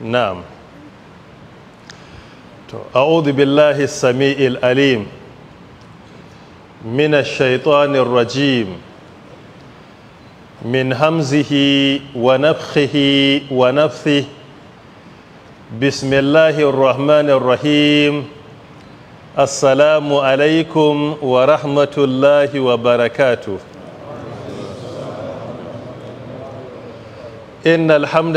na'am to a'udhu billahi samiil alim min ash rajim min hamzihi wa nafthihi wa nafthihi bismillahir rahmanir rahim assalamu alaikum wa rahmatullahi wa barakatu. إن الحمد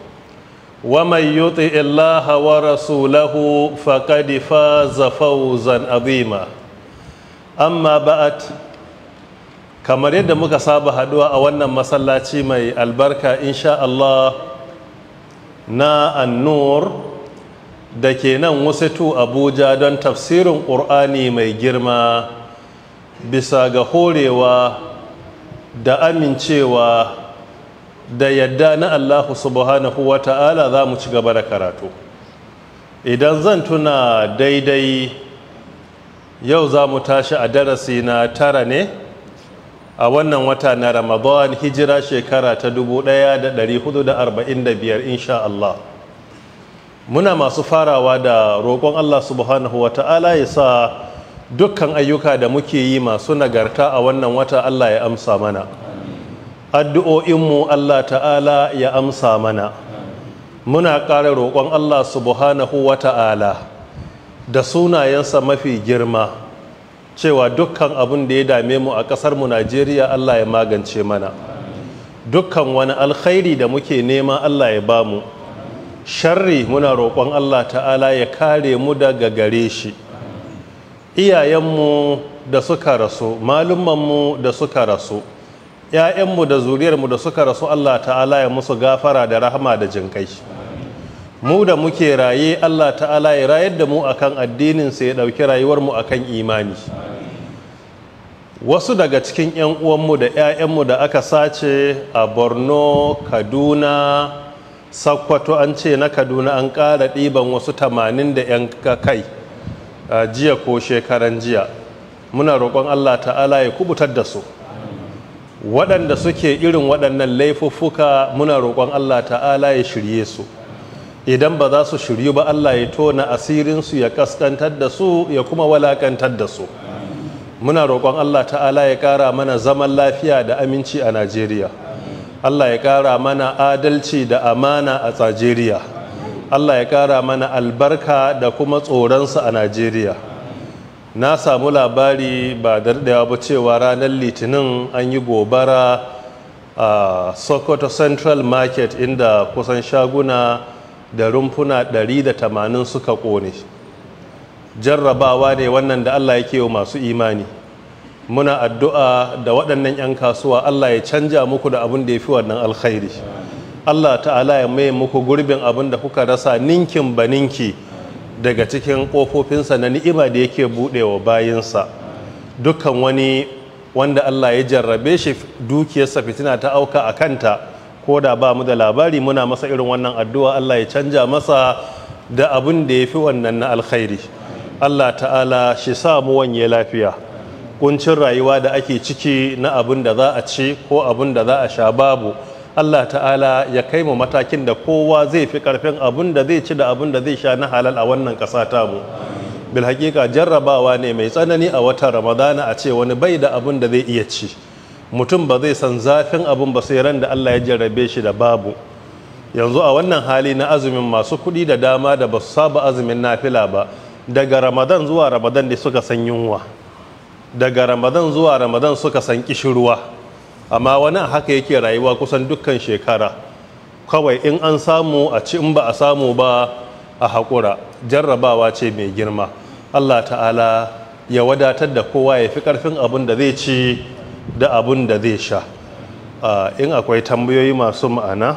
ومن يطع الله ورسوله فقد فاز فوزا عظيما اما بعد kamar yadda muka saba haduwa a wannan masallaci mai albarka insha Allah na annur da ke nan wasitu abuja don tafsirin ƙur'ani mai girma bisa ga horewa da amincewa da yadda na allahu subhanahu wa ta'ala za mu ci gaba da karatu idan zan tuna daidai yau za mu tashi a darasi na tara ne a wannan wata na ramadan hijira shekara ta 1445 insha Allah muna masu farawa da roƙon Allah subhanahu wa ta'ala ya sa dukkan ayyuka da muke yi masu nagarta a wannan wata Allah ya amsa mana addu'o'inmu Allah ta'ala ya amsa mana muna ƙara roƙon Allah subhanahu wa ta'ala da sunayensa mafi girma cewa dukkan abin da ya dame mu a ƙasarmu Najeriya Allah ya magance mana dukkan wani alkhairi da muke nema Allah ya ba mu sharri muna roƙon Allah ta'ala ya kare mu daga gare shi iyayenmu da suka rasu malumanmu da suka rasu 'ya'yanmu da zuriyarmu da suka rasu Allah ta'ala ya musu gafara da rahama da jinkai mu da muke raye Allah ta'ala ya rayar da mu akan addinin sa ya ɗauki rayuwar rayuwarmu kan imani wasu daga cikin 'yan uwanmu da 'ya'yanmu da aka sace a borno kaduna sakkwato an ce na kaduna an ƙara ɗiban wasu tamanin da 'yan kai jiya ko shekaran jiya muna roƙon allah ta'ala ya kubutar da su waɗanda suke irin waɗannan laifuffuka muna roƙon Allah ta'ala ya shirye su idan ba za su shiryu ba Allah ya tona asirinsu ya ƙaskantar da su ya kuma walakantar da su muna roƙon Allah ta'ala ya ƙara mana zaman lafiya da aminci a Najeriya Allah ya ƙara mana adalci da amana a Najeriya Allah ya ƙara mana albarka da kuma tsoronsa a Najeriya na samu labari ba daɗewa ba cewa ranar litinin an yi gobara a sokoto central market inda kusan shaguna da rumfuna 180 suka ƙone jarrabawa ne wannan da allah yake wa masu imani muna addu'a da waɗannan 'yan kasuwa allah ya canja muku da abin da ya fi wannan alkhairi allah ta'ala ya mai muku gurbin abin da kuka rasa ninkin ba ninki daga cikin ƙofofinsa na ni'ima da yake buɗewa bayansa. dukkan wani wanda Allah ya jarrabe shi dukiyarsa fitina ta auka a kanta ko da ba mu da labari muna masa irin wannan addu'a Allah ya canja masa da abin da ya fi wannan na alkhairi Allah ta'ala shi sa mu wanye lafiya kuncin rayuwa da ake ciki na abin da za a ci ko abin da za a sha babu Allah ta'ala ya kai mu matakin da kowa zai fi karfin abun da zai ci da abun da zai sha na halal a wannan ƙasa ta mu bil hakika jarrabawa ne mai tsanani a watan ramadana a ce wani bai da abun da zai iya ci mutum ba zai san zafin abun ba sai ran da Allah ya jarrabe shi da babu yanzu a wannan hali na azumin masu kuɗi da dama da ba su saba azumin nafila ba daga ramadan zuwa ramadan da suka san yunwa daga ramadan zuwa ramadan suka san kishirwa amma wani a haka yake rayuwa kusan dukkan shekara kawai in an samu a ci in ba a samu ba a haƙura jarrabawa ce mai girma allah ta'ala ya wadatar da kowa ya fi ƙarfin abin da zai ci da abin da zai sha in akwai tambayoyi masu ma'ana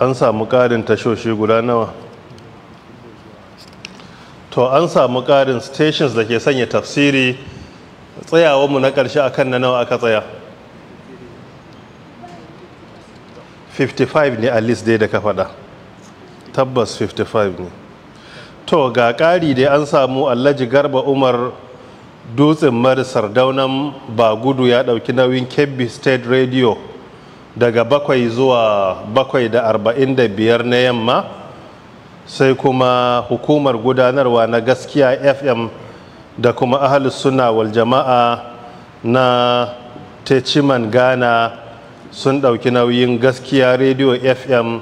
an samu ƙarin tashoshi guda nawa to an samu ƙarin stations da ke sanya tafsiri mu na ƙarshe a kan na nawa aka tsaya 55 ne a list dai da ka faɗa tabbas 55 ne to ga ƙari dai an samu allaji garba umar dutsen marisar daunan ba gudu ya ɗauki nauyin kebbi state radio daga bakwai zuwa bakwai da arba'in da biyar na yamma sai kuma hukumar gudanarwa na gaskiya fm da kuma ahalus suna wal jama'a na teciman ghana sun ɗauki nauyin gaskiya radio fm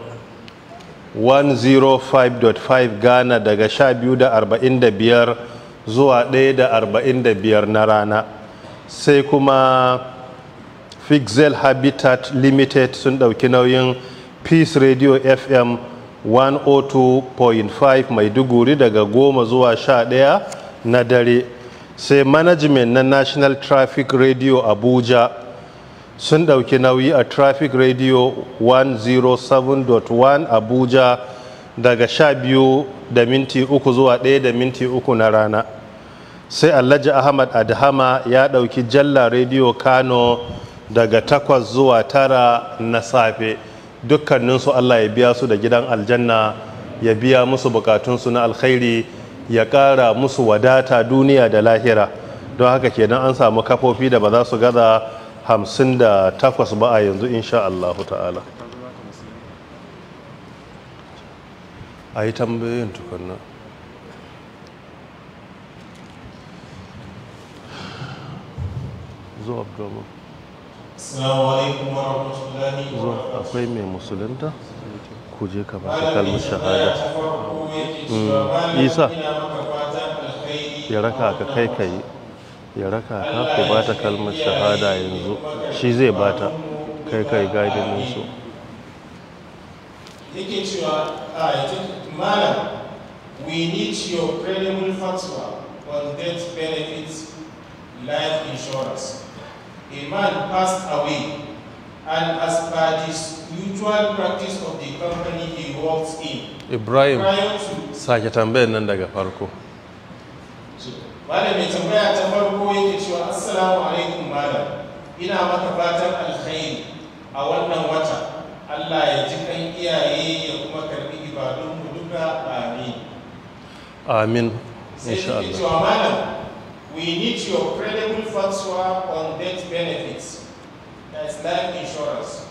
105.5 ghana daga 12.45 zuwa 1.45 na rana sai kuma fixel habitat limited sun ɗauki nauyin peace radio fm 102.5 maiduguri daga 10 zuwa 11 na dare sai management na national traffic radio abuja sun ɗauki nauyi a traffic radio 107.1 abuja daga sha biyu da minti uku zuwa ɗaya da minti uku na rana sai alhaji ahmad adhama ya ɗauki jalla radio kano daga takwas zuwa tara na safe dukkaninsu allah ya biya su da gidan aljanna ya biya musu bukatunsu na alkhairi ya ƙara musu wadata duniya da lahira don haka kenan an samu kafofi da ba za su gaza hamsin da takwas ba a yanzu insha Allah ta'ala a yi tambayin tukunna zuwa abdomen assalamu alaikum warahmatullahi wabarakatuh akwai mai musulunta ku je ka baka kalmar shahada hmm. isa ya raka ka kai kai ya raka ka ku ba ta kalmar shahada yanzu shi zai ba ta kai kai gadinin su yake cewa a ah, malam we need your credible fatwa on death benefits life insurance a man passed away and as per usual practice of the company he works in. Ibrahim, sake tambayar nan daga farko. Malam mai tambaya ta farko yake cewa Assalamu alaikum malam, ina maka fatan alkhairi a wannan wata, Allah ya ji kan iyaye ya kuma karbi ibadunmu duka amin. Amin. Sai cewa malam, we need your credible fatwa on debt benefits. as life insurance.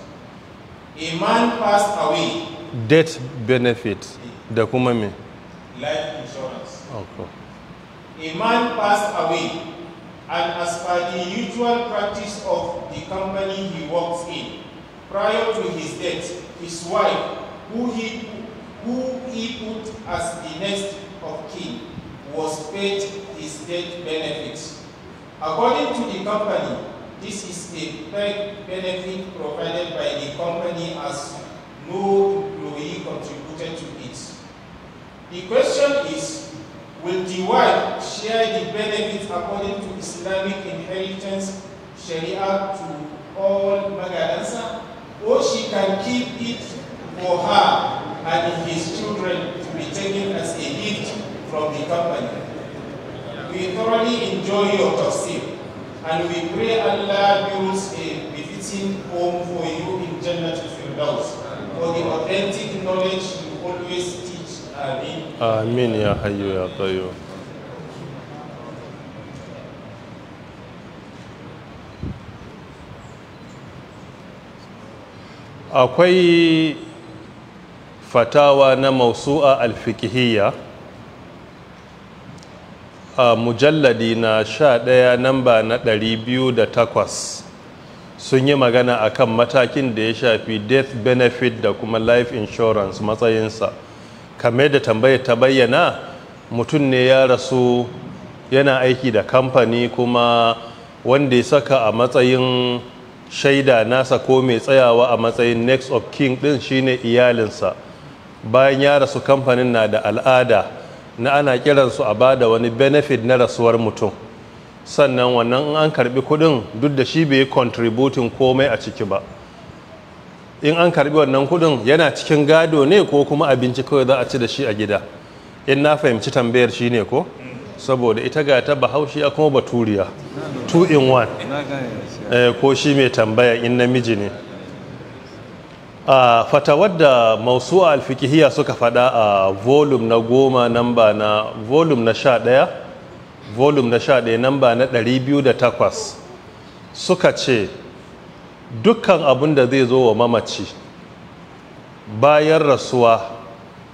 A man passed away. Death benefit. The company. Life insurance. Okay. A man passed away and as per the usual practice of the company he works in, prior to his death, his wife, who he, who he put as the next of kin, was paid his death benefits. According to the company, this is a benefit provided by the company as no employee contributed to it. The question is, will the wife share the benefits according to Islamic inheritance Sharia to all Magadansa, or she can keep it for her and his children to be taken as a gift from the company. We thoroughly enjoy your tafsir. And we pray Allah builds a befitting home for you in Jannah your Firdaus for the authentic knowledge you always teach. Amen. Amen. ya Hayyu ya Qayyum. akwai fatawa na mausu'a al alfikihiyya a mujalladi na sha ɗaya namba na ɗari biyu da takwas sun yi magana akan matakin da ya shafi death benefit da kuma life insurance matsayinsa kamar da tambayar ta bayyana mutum ne ya rasu yana aiki da kamfani kuma wanda ya saka a matsayin shaida nasa ko mai tsayawa a matsayin next of king din shine iyalinsa bayan ya rasu kamfanin na da al'ada na ana kiransu a ba da wani benefit na rasuwar mutum sannan wannan an karbi kudin duk da shi bai yi contributing komai a ciki ba in an karbi wannan kudin yana cikin gado ne ko kuma abinci kawai za a ci da shi a gida in na fahimci tambayar shi ne ko saboda ita ga ta bahaushe a kuma baturiya two in one eh, ko shi mai tambaya in namiji ne a fatawar da masu alfikihiyya suka fada a volume na goma namba na volume na sha daya volume na sha daya namba na biyu da takwas, suka ce dukkan abin da zai zo wa mamaci bayan rasuwa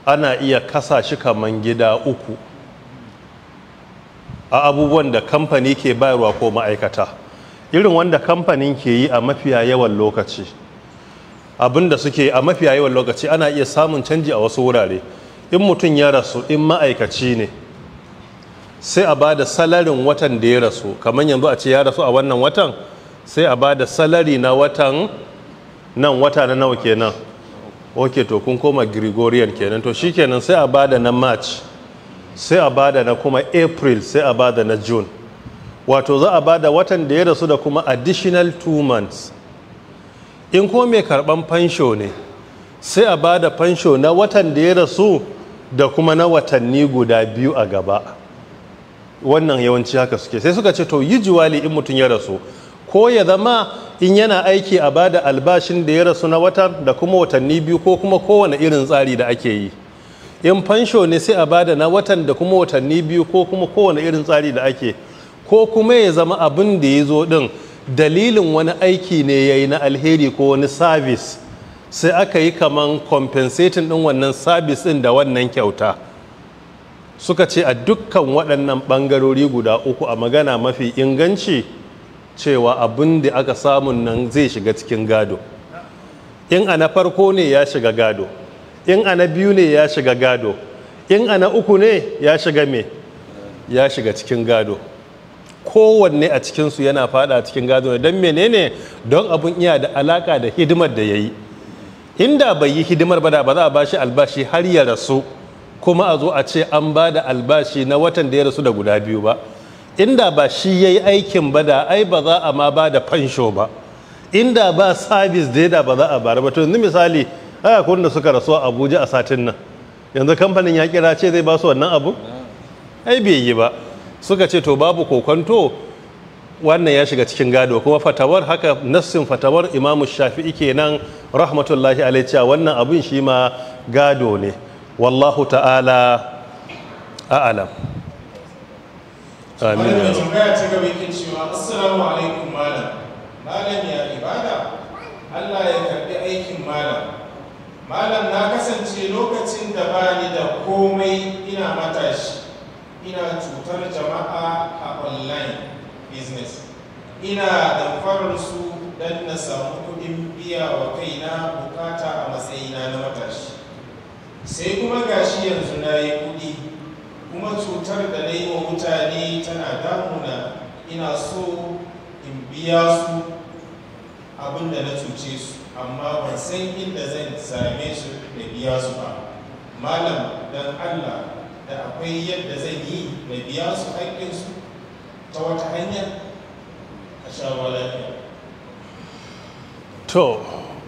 ana iya kasa shi kaman gida uku a abubuwan da kamfani ke bayarwa ko ma'aikata irin wanda kamfanin ke yi a mafiya yawan lokaci abinda da suke a mafi yawan lokaci ana iya samun canji a wasu wurare in mutum ya rasu in ma'aikaci ne sai a ba da salarin watan da ya rasu kamar yanzu a ce ya rasu a wannan watan sai a ba da salari na watan nan wata na nawa kenan ok to kun koma gregorian kenan to shikenan sai a ba da na march sai a da na kuma april sai a ba da na june wato za a ba da watan da ya rasu da kuma additional two months in ko mai karɓan fansho ne sai a ba da fansho na watan da ya rasu da kuma na watanni guda biyu a gaba wannan yawanci haka suke sai suka ce to yi juwali in mutum ya rasu ko ya zama in yana aiki a ba da albashin da ya rasu na watan da kuma watanni biyu ko kuma kowane irin tsari da ake yi in fansho ne sai a ba da na watan da kuma watanni biyu ko kuma kowane irin tsari da ake ko kuma ya zama abin da ya zo din dalilin wani aiki ne ya yi na alheri ko wani sabis sai aka yi kaman compensating ɗin wannan sabis din da wannan kyauta suka ce a dukkan waɗannan ɓangarori guda uku a magana mafi inganci cewa abin da aka samun nan zai shiga cikin gado in ana farko ne ya shiga gado in ana biyu ne ya shiga gado in ana uku ne ya shiga me ya shiga cikin gado kowanne a cikinsu yana fada cikin gadon don menene don abun iya da alaka da hidimar da ya yi inda bai yi hidimar ba da ba za a bashi albashi har ya rasu kuma a zo a ce an ba da albashi na watan da ya rasu da guda biyu ba inda ba shi ya yi aikin ba da ai ba za a ma ba da fansho ba inda ba sabis da da ba za a bara ba to yanzu misali aya kun da suka rasu a abuja a satin nan yanzu kamfanin ya kira ce zai ba su wannan abu ai bai yi ba suka ce to babu kokonto wannan ya shiga cikin gado kuma fatawar haka nassin fatawar imamu shafi'i kenan rahmatullahi alaihi cewa wannan abin shi ma gado ne wallahu ta'ala a'alam amin ya tambaya ta gaba yake cewa assalamu alaikum malam malam ya ibada Allah ya karbi aikin malam malam na kasance lokacin da bani da komai ina matashi ina cutar jama'a a online business ina damfarar su don na samu kuɗin biya wa kaina bukata a matsayina na matashi sai kuma gashi yanzu na yi kudi. kuma cutar da na yi wa mutane tana damuna ina so in biya su abin da na cuce su amma ban san inda zan same su da biya su ba malam don allah da akwai yadda zan yi na biya su haƙƙinsu ta wata hanya a shawo lafiya to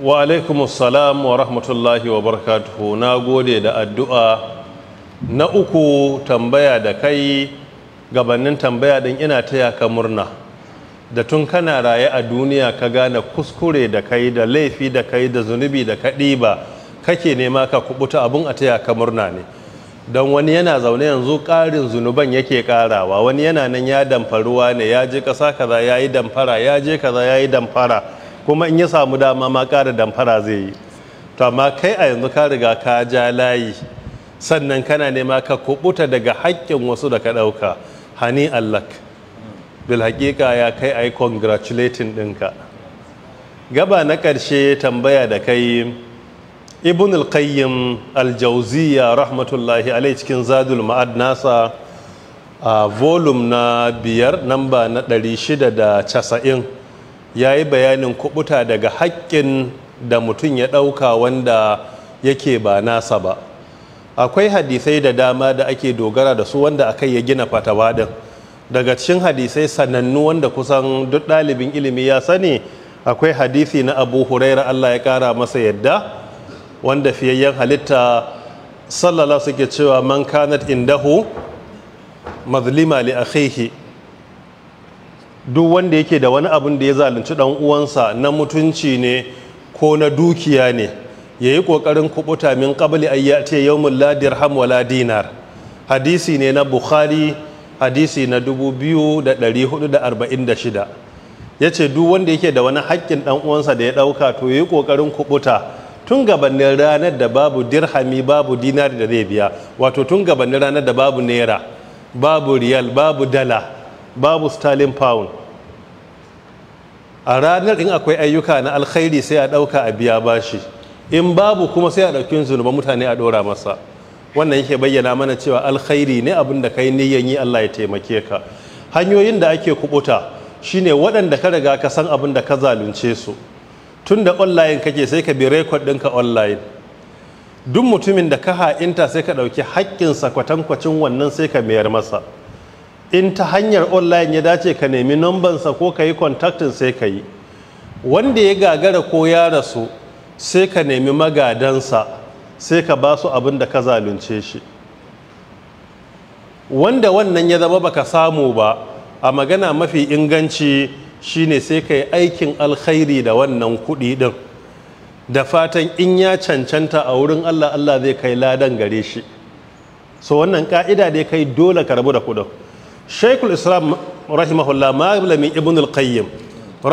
wa alaikumussalam wa rahmatullahi wa barakatuhu na gode da addu'a na uku tambaya da kai gabanin tambaya din ina taya ka murna da tun kana raye a duniya ka gane kuskure da kai da laifi da kai da zunubi da kaɗi ba kake nema ka kubuta abun a taya ka murna ne don wani yana zaune yanzu ƙarin zunuban yake ƙarawa wani yana nan ya damfaruwa ne ya je ƙasa kaza ya yi damfara ya je kaza ya yi damfara kuma in ya samu dama ma ƙara damfara zai yi to amma kai a yanzu ka riga ka ja layi sannan kana nema ka kubuta daga haƙƙin wasu da ka ɗauka hani allak bil haƙiƙa ya kai a yi congratulating ɗinka gaba na ƙarshe tambaya da kai ibn al-qayyim al-jauziya rahmatullahi alai cikin zadul ma'ad nasa a volum na biyar namba na 690 ya yi bayanin kubuta daga haƙƙin da mutum ya ɗauka wanda yake ba nasa ba akwai hadisai da dama da ake dogara da su wanda akai ya gina fatawa din daga cikin hadisai sanannu wanda kusan duk ɗalibin ilimi ya sani akwai hadisi na abu huraira allah ya ƙara masa yadda wanda fiyayyen halitta sallala suke cewa man kanat indahu mazlima li akhihi duk wanda yake da wani abun da ya zalunci dan uwansa na mutunci ne ko na dukiya ne yayi kokarin kubuta min qabli ayyati yawmul la dirham wala dinar hadisi ne na bukhari hadisi na 2446 yace duk wanda yake da wani haƙƙin dan uwansa da ya dauka to yayi kokarin kubuta tun gabanin ranar da babu dirhami babu dinari da zai biya wato tun gabanin ranar da babu naira babu riyal babu dala babu stalin pound a ranar in akwai ayyuka na alkhairi sai a ɗauka a biya bashi in babu kuma sai a ɗauki zunuban mutane a ɗora masa wannan yake bayyana mana cewa alkhairi ne abin da kai niyyan yi Allah ya taimake ka hanyoyin da ake kubuta shine waɗanda ka riga ka san abin da ka zalunce su tun da online kake sai ka bi rekod ɗinka online duk mutumin da ka ha'inta sai ka ɗauki haƙƙinsa kwatankwacin wannan sai ka mayar masa in ta hanyar online ya dace ka nemi nambansa ko ka yi kontaktin sai ka yi wanda ya gagara ko ya rasu sai ka nemi magadansa sai ka ba su abin da ka zalunce shi wanda wannan ya zama baka samu ba a magana mafi inganci shine sai ka yi aikin alkhairi da wannan kuɗi ɗin da fatan in ya cancanta a wurin Allah Allah zai kai ladan gare shi so wannan ka'ida dai kai dole ka rabu da kuɗin shaikul islam rahimahullah malamin ibn al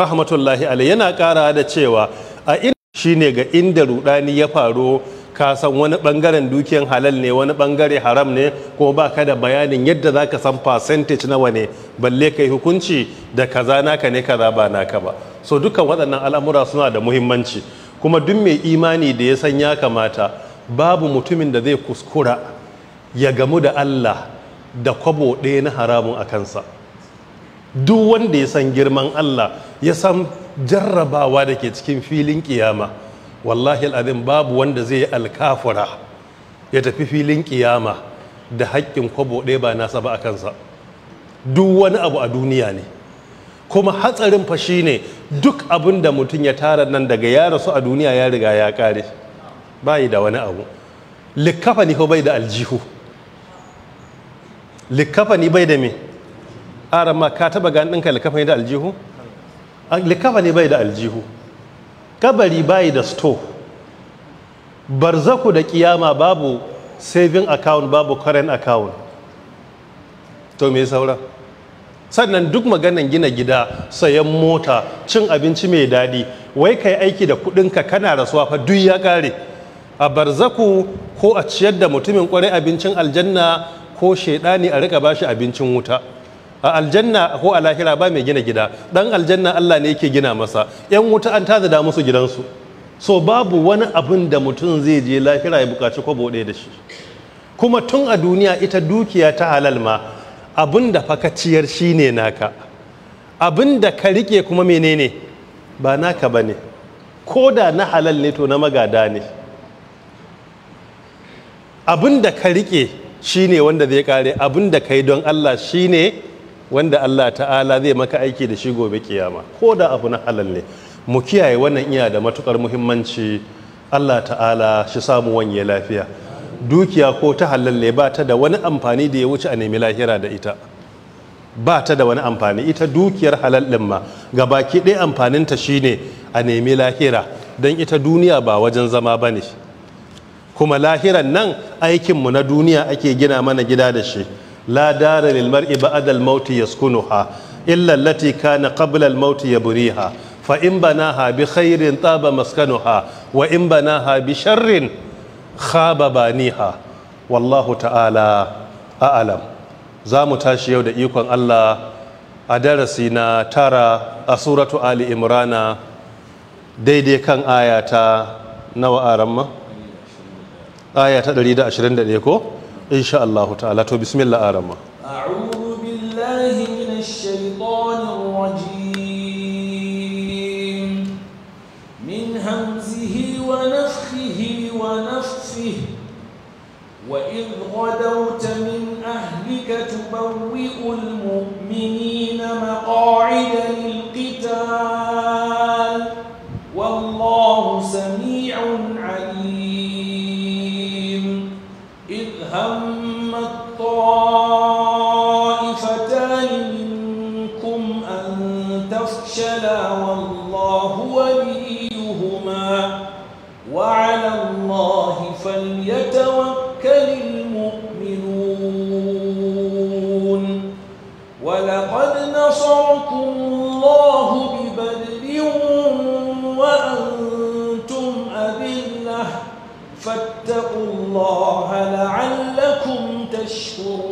rahmatullahi alai yana ƙara da cewa a shi shine ga inda rudani ya faru ka san wani bangaren dukiyan halal ne wani bangare haram ne ko ba ka da bayanin yadda za ka san percentage nawa ne balle kai hukunci da kaza naka ne kaza ba naka ba so dukkan waɗannan al'amura suna da muhimmanci kuma duk mai imani da ya san ya kamata babu mutumin da zai kuskura ya gamu da Allah da kwabo ɗaya na haramun a kansa duk wanda ya san girman Allah ya san jarrabawa da ke cikin filin kiyama wallahi al'azim babu wanda zai yi alkafura ya tafi filin kiyama da haƙƙin kwabo ɗaya ba nasa ba a kansa duk wani abu a duniya ne kuma hatsarin fa ne duk abin da mutum ya tara nan daga ya rasu a duniya ya riga ya kare yi da wani abu likkafa ni bai da aljihu likkafa bai da me arama ka taba ganin ɗinka likkafa ni da aljihu likkafa bai da aljihu kabari bayi da store barzaku da kiyama babu saving account babu current account to me saura sannan duk maganan gina gida sayan mota cin abinci mai daɗi wai kai aiki da kuɗinka kana rasuwa fa duk ya kare a barzaku ko a ciyar da mutumin kwarai abincin aljanna ko shaidani a rika bashi abincin wuta a aljanna ko a lahira ba mai gina gida dan aljanna Allah ne yake gina masa yan wuta an da musu gidansu so babu wani abin da mutum zai je lahira ya bukaci kwabo ɗaya da shi kuma tun a duniya ita dukiya ta halal ma abin da fakaciyar shi ne naka abin da ka rike kuma menene ba naka ba ne ko da na halal ne to na magada ne abin da ka riƙe shi ne wanda zai kare abin da ka yi don allah shi ne wanda Allah ta'ala zai maka aiki da shi gobe kiyama ko da abu na halal ne mu kiyaye wannan iya da matukar muhimmanci Allah ta'ala shi samu wanye lafiya dukiya ko ta halal ne ba ta da wani amfani da ya wuce a nemi lahira da ita ba ta da wani amfani ita dukiyar halal din ma ga baki ɗaya ta shine a nemi lahira don ita duniya ba wajen zama ba ne kuma lahiran nan aikinmu na duniya ake gina mana gida da shi la dara lil mar'i ba'da al maut yaskunuha illa allati kana qabla al maut yaburiha fa in banaha bi khairin taba maskanuha wa in banaha bi sharrin khaba baniha wallahu ta'ala a'lam za mu tashi yau da ikon Allah a darasi na tara a suratu ali imrana daidai kan ayata nawa aramma ayata 121 ko insha Allah ta'ala to bismillah arama فليتوكل المؤمنون ولقد نصركم الله ببدر وأنتم أذلة فاتقوا الله لعلكم تشكرون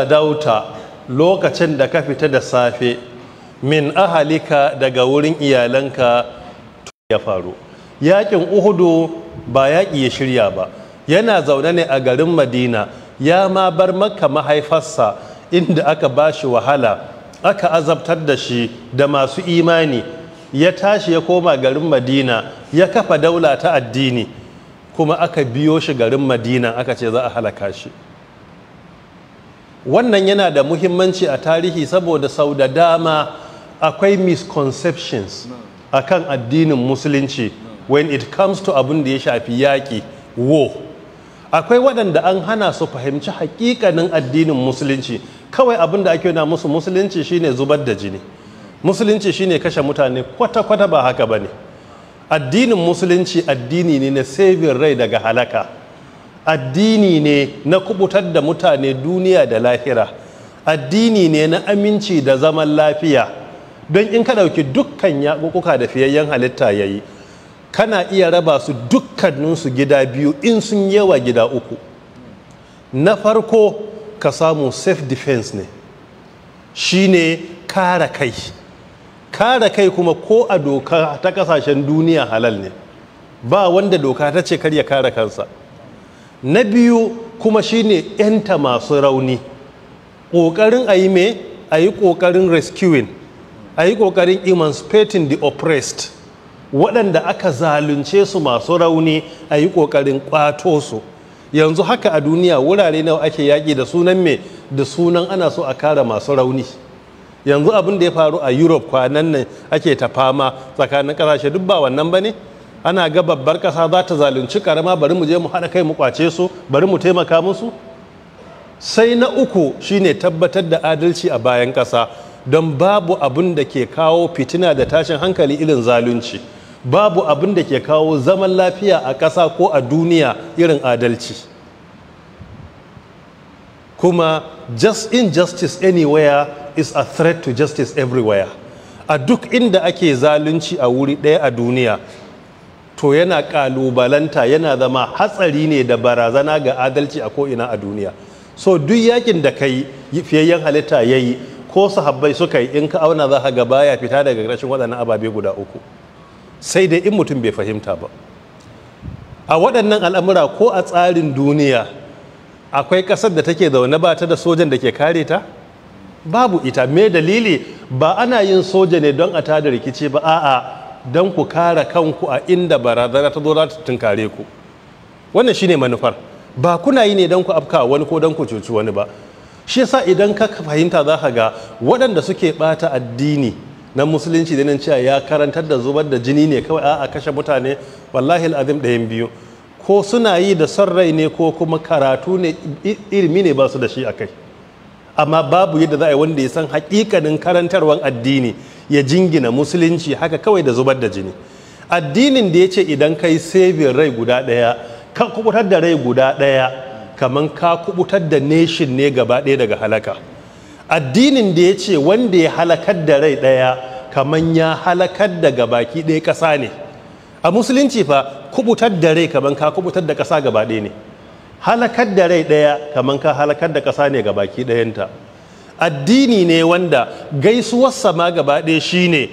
gadauta lokacin da ka fita da safe min ahalika daga wurin iyalanka ya faru yakin uhudu ba yaƙi ya shirya ba yana zaune ne a garin madina ya ma bar maka mahaifarsa inda aka ba shi wahala aka azabtar da shi da masu imani ya tashi ya koma garin madina ya kafa daula ta addini kuma aka biyo shi garin madina aka ce za a halaka shi wannan yana da muhimmanci a tarihi saboda sau da dama akwai misconceptions akan addinin musulunci when it comes to abin da ya shafi yaƙi wo akwai waɗanda an hana su fahimci haƙiƙanin addinin musulunci kawai abin da ake na musu musulunci shine zubar da jini musulunci shine kashe mutane kwata-kwata ba haka ba ne addinin musulunci addini ne na saving rai daga halaka addini ne na kubutar da mutane duniya da lahira addini ne na aminci da zaman lafiya don in ka ɗauki dukkan yaƙuƙuka da fiyayyen halitta ya yi kana iya raba su dukkaninsu gida biyu in sun yawa gida uku na farko ka samu self defense ne shine kare kai kare kai kuma ko a doka ta kasashen duniya halal ne ba wanda doka ta ce karya ya kare kansa na biyu kuma shine yanta masu rauni ƙoƙarin a yi me a yi ƙoƙarin rescuing a yi ƙoƙarin emancipating the oppressed waɗanda aka zalunce su masu rauni a yi ƙoƙarin ƙwato su yanzu haka a duniya wurare nawa ake yaƙi da sunan me da sunan ana so a kare masu rauni yanzu abin da ya faru a europe kwanan nan ake ta fama tsakanin ƙasashe duk ba wannan ba ne ana ga babbar ƙasa za ta zalunci ƙarama bari mu je mu haɗa kai mu kwace su bari mu taimaka musu sai na uku shine tabbatar da adalci a bayan ƙasa don babu abin da ke kawo fitina da tashin hankali irin zalunci babu abin da ke kawo zaman lafiya a ƙasa ko a duniya irin adalci kuma just injustice anywhere is a threat to justice everywhere a duk inda ake zalunci a wuri ɗaya a duniya to yana kalubalanta yana zama hatsari ne da barazana ga adalci a ko'ina a duniya so duk yakin da ka yi fiyayyen halitta ya yi ko sahabbai suka yi in ka auna za ka ga baya fita daga rashin waɗannan ababe guda uku sai dai in mutum bai fahimta ba a waɗannan al'amura ko a tsarin duniya akwai ƙasar da take zaune ba ta da sojan da ke kare ta babu ita me dalili ba ana yin soja ne don a tada rikici ba a'a don ku kare kanku a inda barazana ta zo za ta tunkare ku wannan shine manufar ba kuna yi ne don ku afka wani ko don ku cuci wani ba shi yasa idan ka fahimta za ka ga waɗanda suke ɓata addini na musulunci da nan cewa ya karantar da zubar da jini ne kawai a kashe mutane wallahi al'azim ɗayan biyu ko suna yi da son rai ne ko kuma karatu ne ilimi ne ba su da shi a kai amma babu yadda za a yi wanda ya san haƙiƙanin karantarwar addini ya jingina musulunci haka kawai da zubar da jini addinin da ya ce idan kai sabin rai guda ɗaya ka kubutar da rai guda ɗaya kamar ka kubutar da nation ne gaba ɗaya daga halaka addinin da ya ce wanda ya halakar da rai ɗaya kamar ya halakar da gabaki ɗaya ƙasa ne a musulunci fa kubutar da rai kamar ka kubutar da ƙasa gaba ɗaya ne halakar da rai ɗaya kamar ka halakar da ƙasa ne gabaki ɗayanta addini ne wanda gaisuwarsa ma gaba ɗaya shine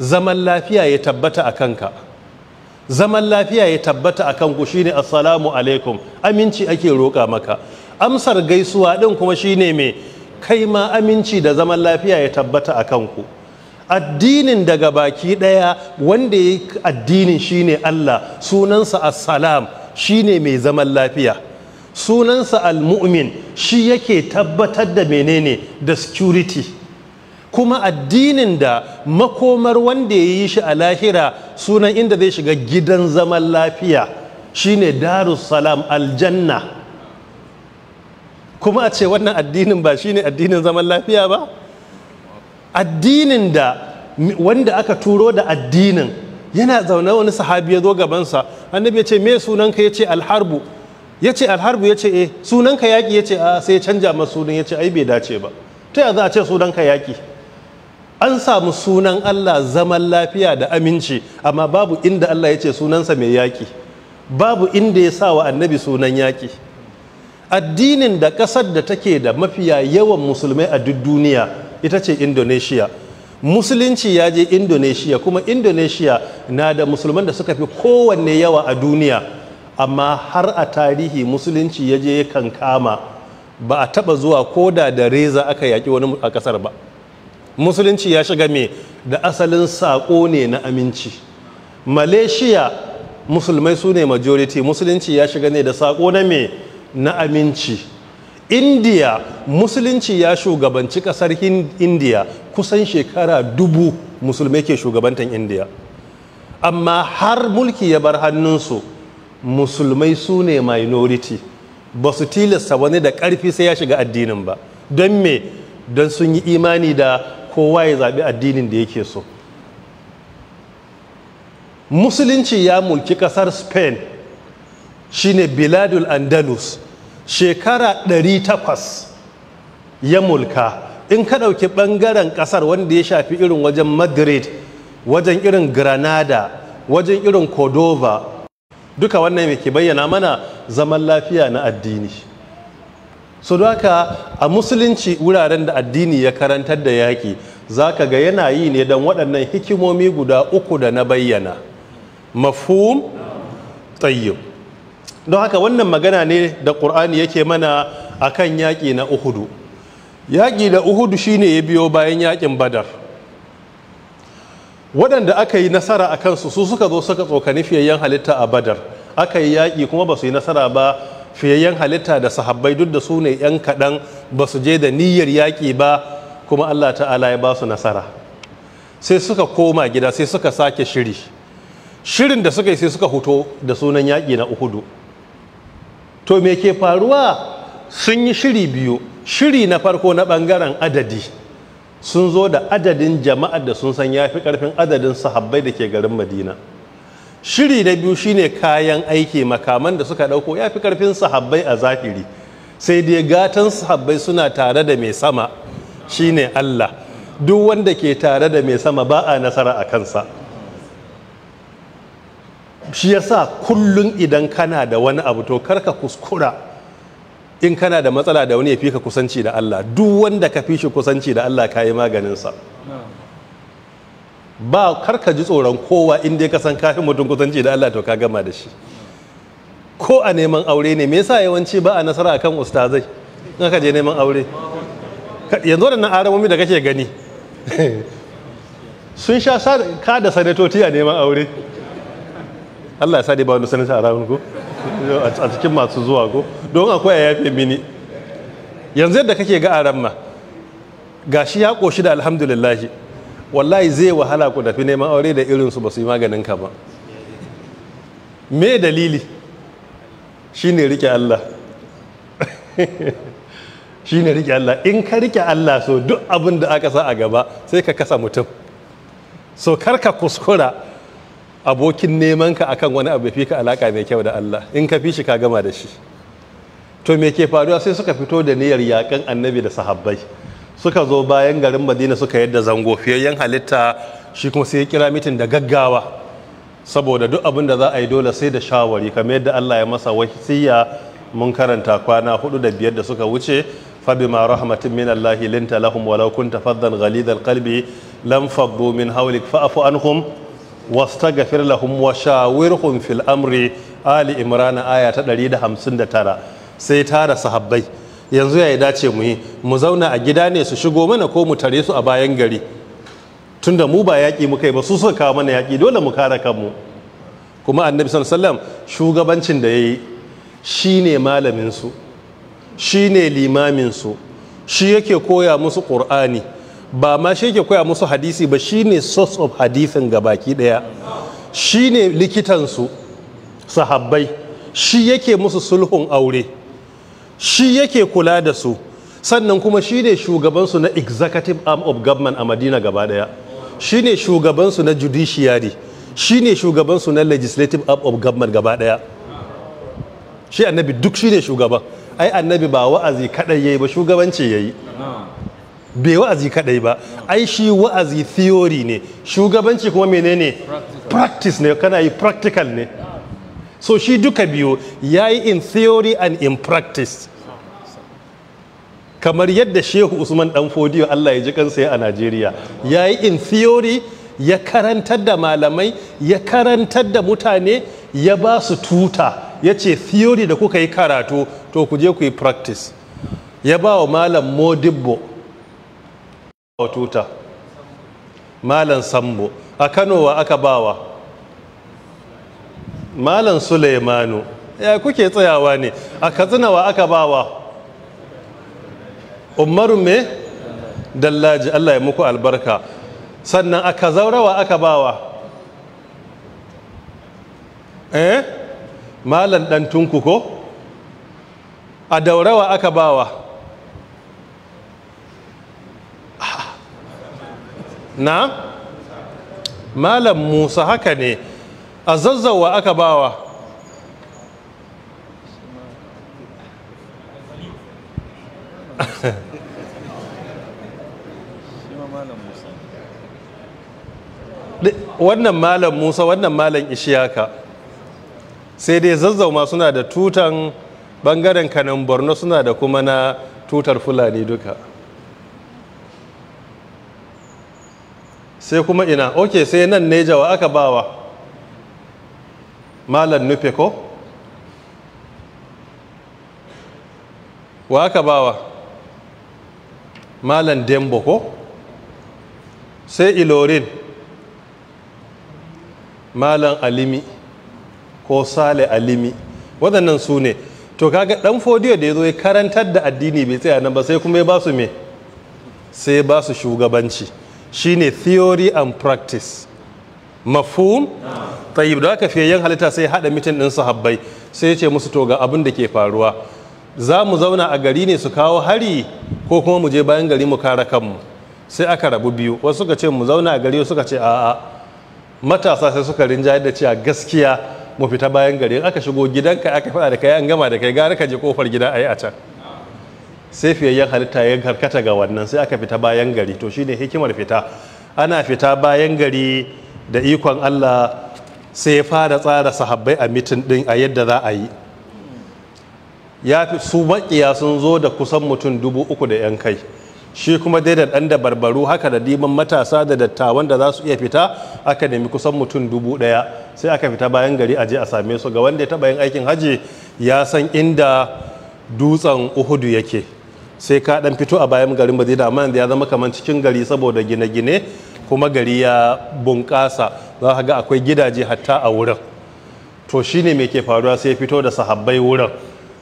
zaman lafiya ya tabbata a kanka zaman lafiya ya tabbata a kanku shine assalamu alaikum aminci ake roƙa maka amsar gaisuwa ɗin kuma shine mai kai ma aminci da zaman lafiya ya tabbata a kanku addinin daga baki ɗaya wanda ya addinin shine Allah sunansa assalam ne mai zaman lafiya sunansa al-mu'min shi yake tabbatar da menene da security kuma addinin da makomar wanda ya yi shi a lahira sunan inda zai shiga gidan zaman lafiya shine darussalam aljanna kuma a ce wannan addinin ba shine addinin zaman lafiya ba addinin da wanda aka turo da addinin yana zaune wani sahabi ya zo gabansa annabi ya ce me sunanka ya ce alharbu ya ce alharbu ya ce eh sunanka yaƙi ya ce a ah, sai ya canja masa sunan ya ce ai bai dace ba ta yaya za a ce sunanka yaƙi an samu sunan Allah zaman lafiya da aminci amma babu inda Allah ya ce sunansa mai yaƙi babu inda ya sa wa annabi sunan yaƙi addinin da ƙasar da take da mafiya yawan musulmai a duk duniya ita ce indonesia musulunci ya je indonesia kuma indonesia na da musulman da suka fi kowanne yawa a duniya amma har a tarihi musulunci ya je kan kama ba a taba zuwa koda da reza aka yaƙi wani a ƙasar ba musulunci ya shiga me da asalin saƙo ne na aminci malaysia musulmai su ne majority musulunci ya shiga ne da saƙo na mai na aminci india musulunci ya shugabanci ƙasar india kusan shekara dubu musulmai ke shugabantan india amma har mulki ya bar hannunsu musulmai su ne minority ba su tilasta wani da ƙarfi sai ya shiga addinin ba don me don sun yi imani da kowa ya zaɓi addinin da yake so musulunci ya mulki ƙasar spain shine biladul andalus shekara 800 ya mulka in ka ɗauki ɓangaren ƙasar wanda ya shafi irin wajen madrid wajen irin granada wajen irin cordova duka wannan mai ke bayyana mana zaman lafiya na addini so haka a musulunci wuraren da addini ya karantar da yaƙi za ka ga yana yi ne don waɗannan hikimomi guda uku da na bayyana mafhum tsayyib don haka wannan magana ne da ƙur'ani yake mana a kan yaƙi na uhudu yaƙi da uhudu shine ya biyo bayan yaƙin badar waɗanda aka yi nasara a kansu su suka zo suka tsokani fiyayyen halitta a badar aka yi yaƙi kuma ba su yi nasara ba fiyayyen halitta da sahabbai duk da su ne 'yan kaɗan ba su je da niyyar yaƙi ba kuma allah ta'ala ya ba su nasara sai suka koma gida sai suka sake shiri shirin da suka yi sai suka huto da sunan yaƙi na uhudu to me ke faruwa sun yi shiri biyu shiri na farko na ɓangaren adadi sun zo da adadin jama'ar da sun san ya fi ƙarfin adadin sahabbai da ke garin madina shiri na biyu shine kayan aiki makaman da suka ɗauko ya fi ƙarfin sahabbai a zafiri sai dai gatan sahabbai suna tare da mai sama shine allah duk wanda ke tare da mai sama ba a nasara a kansa shi yasa kullum idan kana da wani abu to karka kuskura in kana da matsala da wani ya fi ka kusanci da Allah duk wanda ka fi shi kusanci da Allah ka yi maganinsa ba karka ji tsoron kowa in dai ka kafin mutum kusanci da Allah to ka gama da shi ko a neman aure ne me yasa yawanci ba a nasara akan ustazai in aka je neman aure yanzu da nan aramomi da kake gani sun sha ka da sanatoci a neman aure Allah ya sa dai ba wani sanata a ranar ko a cikin masu zuwa ko don akwai a yafe mini yanzu yadda kake ga aran ma shi ya koshi da alhamdulillah wallahi zai wahala ku tafi neman aure da irin su ba su yi maganin ka ba me dalili shine rike Allah Shi ne rike Allah in ka rike Allah so duk abin da aka sa a gaba sai ka kasa mutum so ka kuskura abokin nemanka akan wani abu fi ka alaka mai kyau da Allah in ka fi shi ka gama da shi to me ke faruwa sai suka fito da niyyar yakan annabi da sahabbai suka zo bayan garin madina suka yadda zango fiyayyen halitta shi kuma sai ya kira mitin da gaggawa saboda duk abin da za a yi dole sai da shawari kamar yadda Allah ya masa wasiya mun karanta kwana hudu da biyar da suka wuce فبما رحمة من الله لنت لهم ولو كنت فظا غليظ القلب لم فضوا من حولك فاعف عنهم wastaghfir lahum wa shawirhum fil amri ali imran aya ta 159 sai tara sahabbai yanzu yayi dace mu yi mu zauna a gida ne su shigo mana ko mu tare su a bayan gari tunda mu ba yaƙi mu kai ba su suka kawo mana yaki dole mu kare kanmu kuma annabi sallallahu shugabancin da yayi shine malamin su shine limamin su shi yake koya musu qur'ani ba ma shi ke koya musu hadisi ba shine source of hadisin ga baki daya shine likitansu sahabbai shi yake musu sulhun aure shi yake kula da su sannan kuma shine shugabansu na executive arm of government a madina gaba daya shine shugabansu na judiciary shine shugabansu na legislative arm of government gaba daya shi annabi duk shine shugaban ai annabi ba wa'azi kadai yayi ba shugabanci yayi bai wa'azi kadai ba ai shi wa'azi theory ne shugabanci kuma menene practice ne kana yi practical ne so shi duka biyu ya yi in theory and in practice kamar yadda shehu usman dan fodiyo allah ya ji kansa a najeriya ya yi in theory ya karantar da malamai ya karantar da mutane ya ba su tuta ya ce theory da kuka yi karatu to ku je ku yi practice ya ba wa malam modibbo wa tuta malam sambo a kano wa aka bawa malam suleimanu ya kuke tsayawa ne a katsina wa aka bawa umaru me dallaji allah ya muku albarka sannan a kazaura wa aka bawa eh malam dan tunku ko a daurawa aka bawa na malam musa haka ne a zazzawa aka bawa wannan malam musa wannan malam ishiyaka sai dai zazzauma suna da tutan bangaren kanan borno suna da kuma na tutar fulani duka sai kuma ina ok sai nan ne jawa aka bawa malar nufe ko wa aka bawa malar dembo ko sai ilorin malar alimi ko sale alimi waɗannan su ne to kaga ɗan fodiyo da ya zo ya karantar da addini bai tsaya nan ba sai kuma ya ba su me sai ya ba su shugabanci Shi ne theory and practice mafhum tayyib da aka fiye yan halitta sai hada mitin din sahabbai sai ya ce musu to ga abin da ke faruwa za mu zauna a gari ne su kawo hari ko kuma mu je bayan gari mu kara kanmu sai aka rabu biyu wasu suka ce mu zauna a gari suka ce a'a matasa sai suka rinja da cewa gaskiya mu fita bayan gari aka shigo gidanka aka faɗa da kai an gama da kai gara ka je kofar gida ayi a can sai fiyayyen halitta ya karkata ga wannan sai aka fita bayan gari to shine hikimar fita ana fita bayan gari da ikon Allah sai ya fara tsara sahabbai a mitin din a yadda za a yi ya fi su makiya sun zo da kusan mutum dubu uku da yan kai shi kuma dai da ɗan da barbaru haka da diman matasa da dattawan da za su iya fita aka nemi kusan mutum dubu ɗaya sai aka fita bayan gari a je a same su ga wanda ya taba yin aikin haji ya san inda dutsen uhudu yake sai ka dan fito a bayan garin madina amma yanzu ya zama kamar cikin gari saboda gine-gine kuma gari ya bunƙasa za ka ga akwai gidaje hatta a wurin to shine me ke faruwa sai fito da sahabbai wurin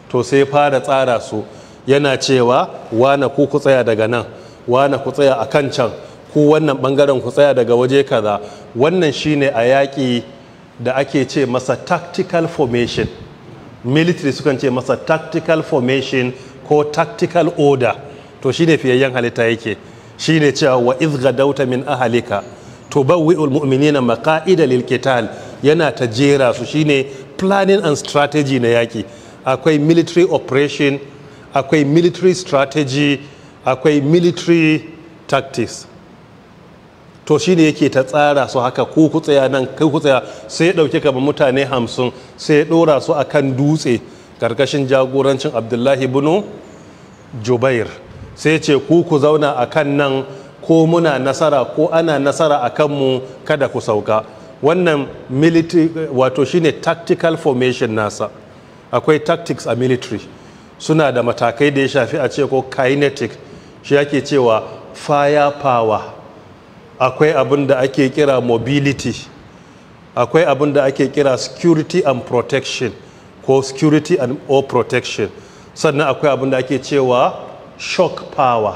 to sai fara tsara su yana cewa wana ku ku tsaya daga nan wana ku tsaya a kan can ku wannan bangaren ku tsaya daga waje kaza wannan shine a yaƙi da ake ce masa tactical formation military sukan ce masa tactical formation ko tactical order to shine fiyayyen halitta yake shine cewa wa gadauta min ahalika tubawwi'ul mu'minina maqa'ida lil qital yana ta jera su shine planning and strategy na yaki akwai military operation akwai military strategy akwai military tactics to shine yake ta tsara su haka ku tsaya nan kai kutsaya sai ya dauke kamar mutane hamsin sai ya dora su akan dutse karkashin jagorancin abdullahi bunu jubair sai ce ku ku zauna a kan nan ko muna nasara ko ana nasara a kanmu kada ku sauka wannan military wato shine tactical formation nasa akwai tactics a military suna da matakai da ya shafi a ce ko kinetic shi yake cewa fire power akwai abin da ake kira mobility akwai abin da ake kira security and protection ko security and or protection sannan akwai abin da ake cewa shock power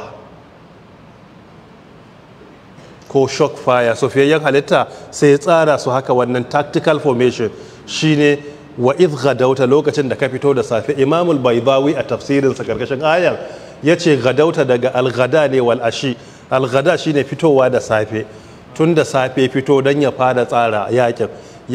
ko shock fire so halitta sai ya tsara su haka wannan tactical formation shine wa idh gadauta lokacin da ka fito da safe imamul baydawi a tafsirin sa karkashin ayar ya ce gadauta daga algada ne wal ashi algada shine fitowa da safe tun da safe fito don ya fara tsara yakin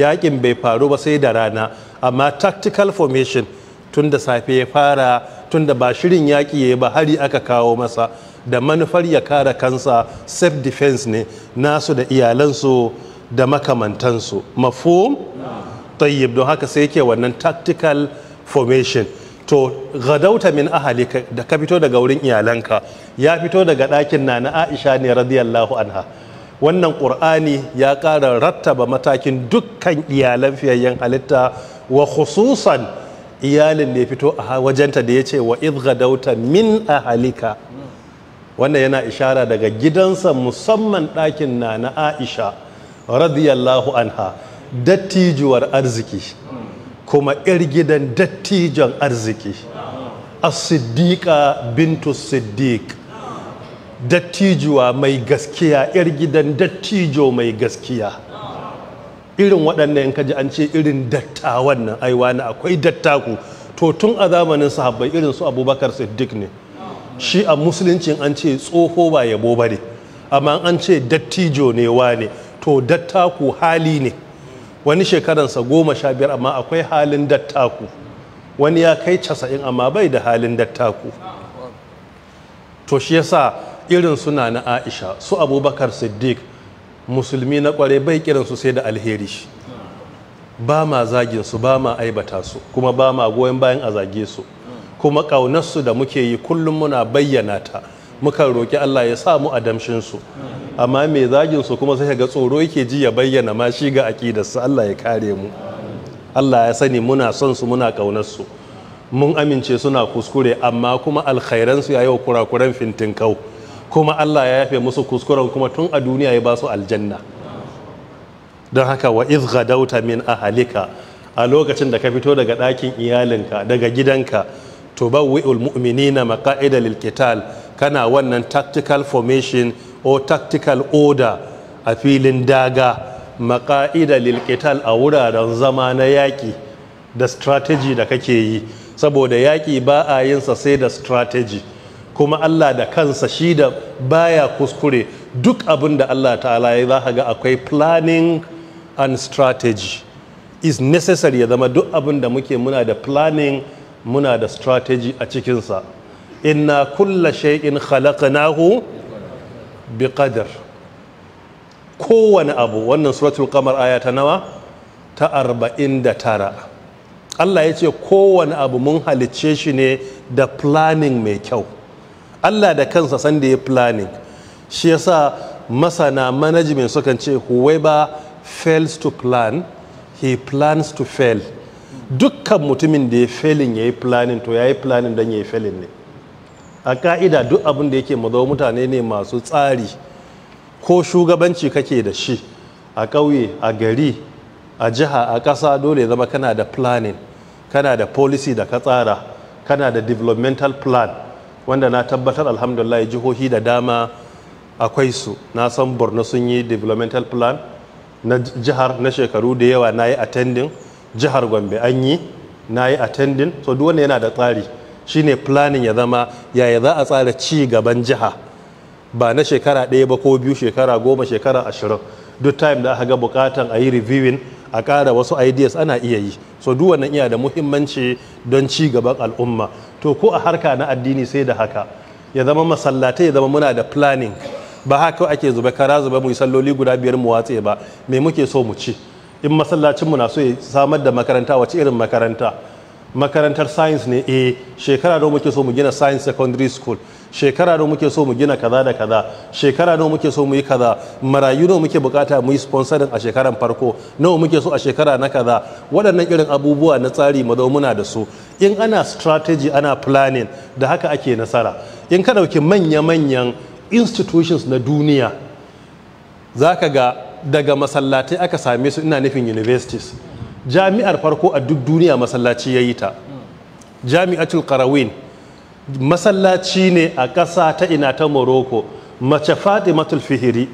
yakin bai faru ba sai da rana amma tactical formation tun da safe ya fara tun da ba shirin yaƙi ya ba hari aka kawo masa da manufar ya kare kansa self defense ne nasu da iyalansu da makamantansu mafhum tayyib don haka sai ke wannan tactical formation to gadauta min ahali da ka fito daga wurin iyalanka ya fito daga ɗakin na na aisha ne radiyallahu anha wannan ƙur'ani ya ƙara rattaba matakin dukkan iyalan fiyayyen halitta wa khususan iyalin da ya fito a wajenta da ya ce wa idghadauta min a halika. wannan yana ishara daga gidansa musamman ɗakin na na aisha radiyallahu anha dattijuwar arziki kuma 'yar gidan dattijon arziki as-siddiqa bintu siddiq dattijuwa mai gaskiya 'yar gidan dattijo mai gaskiya irin waɗannan in kaji an ce irin dattawan nan aiwa na akwai dattaku to tun a zamanin sahabbai irin su abubakar siddiq ne shi a musuluncin an ce tsoho ba yabo ba ne amma an ce dattijo ne ne to dattaku hali ne wani shekaransa goma sha biyar amma akwai halin dattaku wani ya kai casa'in amma bai da halin dattaku to shi yasa irin suna na aisha su abubakar siddiq musulmi na kware bai kiransu sai da alheri ba ma zagin su ba ma aibata su kuma ba ma goyon bayan a zage su kuma kaunarsu da muke yi kullum muna bayyana ta mukan roƙi Allah ya sa mu a damshin su amma mai zagin su kuma sai ga tsoro yake ji ya bayyana ma shi ga aƙidarsu Allah ya kare mu Allah ya sani muna son su muna kaunarsu mun amince suna kuskure amma kuma alkhairansu ya yi yau kurakuran fintinkau kuma Allah ya yafe musu kuskuren kuma tun a duniya ya ba su aljanna don haka wa gadauta min ahalika a lokacin da ka fito daga ɗakin iyalinka daga gidanka tubawwi'ul mu'minina maqa'ida lil qital kana wannan tactical formation or tactical order a filin daga maqa'ida lil a wuraren zama na yaƙi da strategy da kake yi saboda yaƙi ba a yinsa sai da strategy kuma Allah da kansa shi da baya kuskure duk abin da Allah ta'ala ya za ga akwai planning and strategy is necessary ya zama duk abin da muke muna da planning muna da strategy a cikinsa inna kulla shay'in khalaqnahu bi qadar kowane abu wannan suratul kamar aya ta nawa ta arba'in da tara. Allah ya ce kowane abu mun halicce shi ne da planning mai kyau Allah da kansa san da ya planning shi yasa masana management sukan ce whoever fails to plan he plans to fail dukkan mutumin da ya failin ya yi planning to ya yi planning don ya yi failin ne a ka'ida duk abin da yake mazo mutane ne masu tsari ko shugabanci kake da shi a ƙauye a gari a jiha a ƙasa dole ya zama kana da planning kana da policy da ka tsara kana da developmental plan wanda na tabbatar alhamdulillah jihohi da dama akwai su na san borno sun yi developmental plan na jihar na shekaru da yawa na yi attending jihar gombe an yi na yi attending so duk wanda yana da tsari shine planning ya zama yaya za a tsara ci gaban jiha ba na shekara ɗaya ba ko biyu shekara goma shekara ashirin duk time da aka ga bukatan a yi reviewing a ƙara wasu ideas ana iya yi so duk wannan iya da muhimmanci don ci gaban al'umma to ko a harka na addini sai da haka ya zama masallatai ya zama muna da planning ba haka ake zuba kara zuba mu yi salloli guda biyar mu watse ba me muke so mu ci in masallacin mu na so ya samar da makaranta wace irin makaranta makarantar science ne eh shekara da muke so mu gina science secondary school shekara nawa muke so mu gina kaza da kaza shekara nawa muke so mu yi kaza marayu nawa muke bukata mu yi sponsoring a shekaran farko nawa muke so a shekara na kaza waɗannan irin abubuwa na tsari mu muna da su in ana strategy ana planning da haka ake nasara in ka ɗauki manya-manyan institutions na duniya za ka ga daga masallatai aka same su ina nufin universities jami'ar farko a duk duniya masallaci ya yi ta jami'atul qarawin masallaci ne a ƙasa ta ina ta morocco mace fatimatul fihiri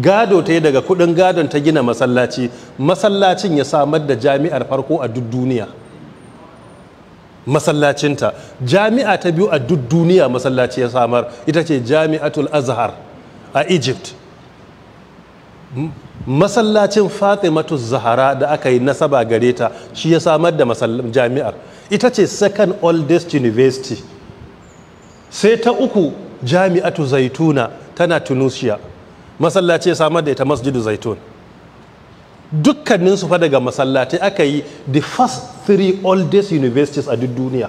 gado ta yi daga kudin gadon ta gina masallaci masallacin ya samar da jami'ar farko a duk duniya masallacinta jami'a ta biyu a duk duniya masallaci ya samar ita ce jami'atul azhar a egypt masallacin fatimatu zahara da aka yi nasaba gare ta shi ya samar da jami'ar ita ce second oldest university sai ta uku jami'atu zaituna tana tunisia masallaci ya samar da ita masjidu zaitun dukkaninsu fa daga masallatai aka yi the first three oldest universities a duk duniya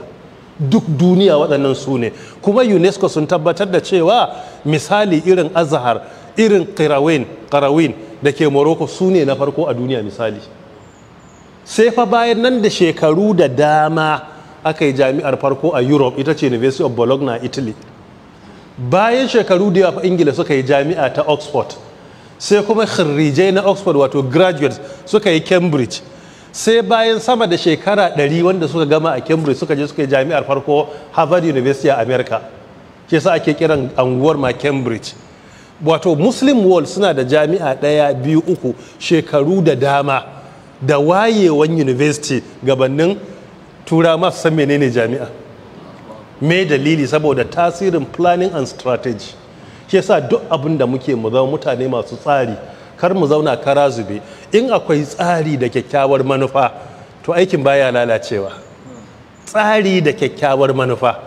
duk duniya waɗannan su ne kuma unesco sun tabbatar da cewa misali irin azahar irin karawin da ke morocco su ne na farko a duniya misali sai fa bayan nan da shekaru da dama aka yi jami'ar farko a europe ita ce university of bologna italy bayan shekaru da yawa ingila suka yi jami'a ta oxford sai kuma khirrijai na oxford wato graduates suka yi cambridge sai bayan sama da shekara 100 wanda suka gama a cambridge suka je suka yi jami'ar farko harvard university a america Ke sa ake kiran anguwar ma cambridge wato muslim world suna da jami'a ɗaya biyu uku shekaru da dama da wayewan university gabanin tura masu san menene jami'a me dalili saboda tasirin planning and strategy shi yasa duk abin da muke mu zama mutane masu tsari kar mu zauna kara zube in akwai tsari da kyakkyawar manufa to aikin baya lalacewa tsari da kyakkyawar manufa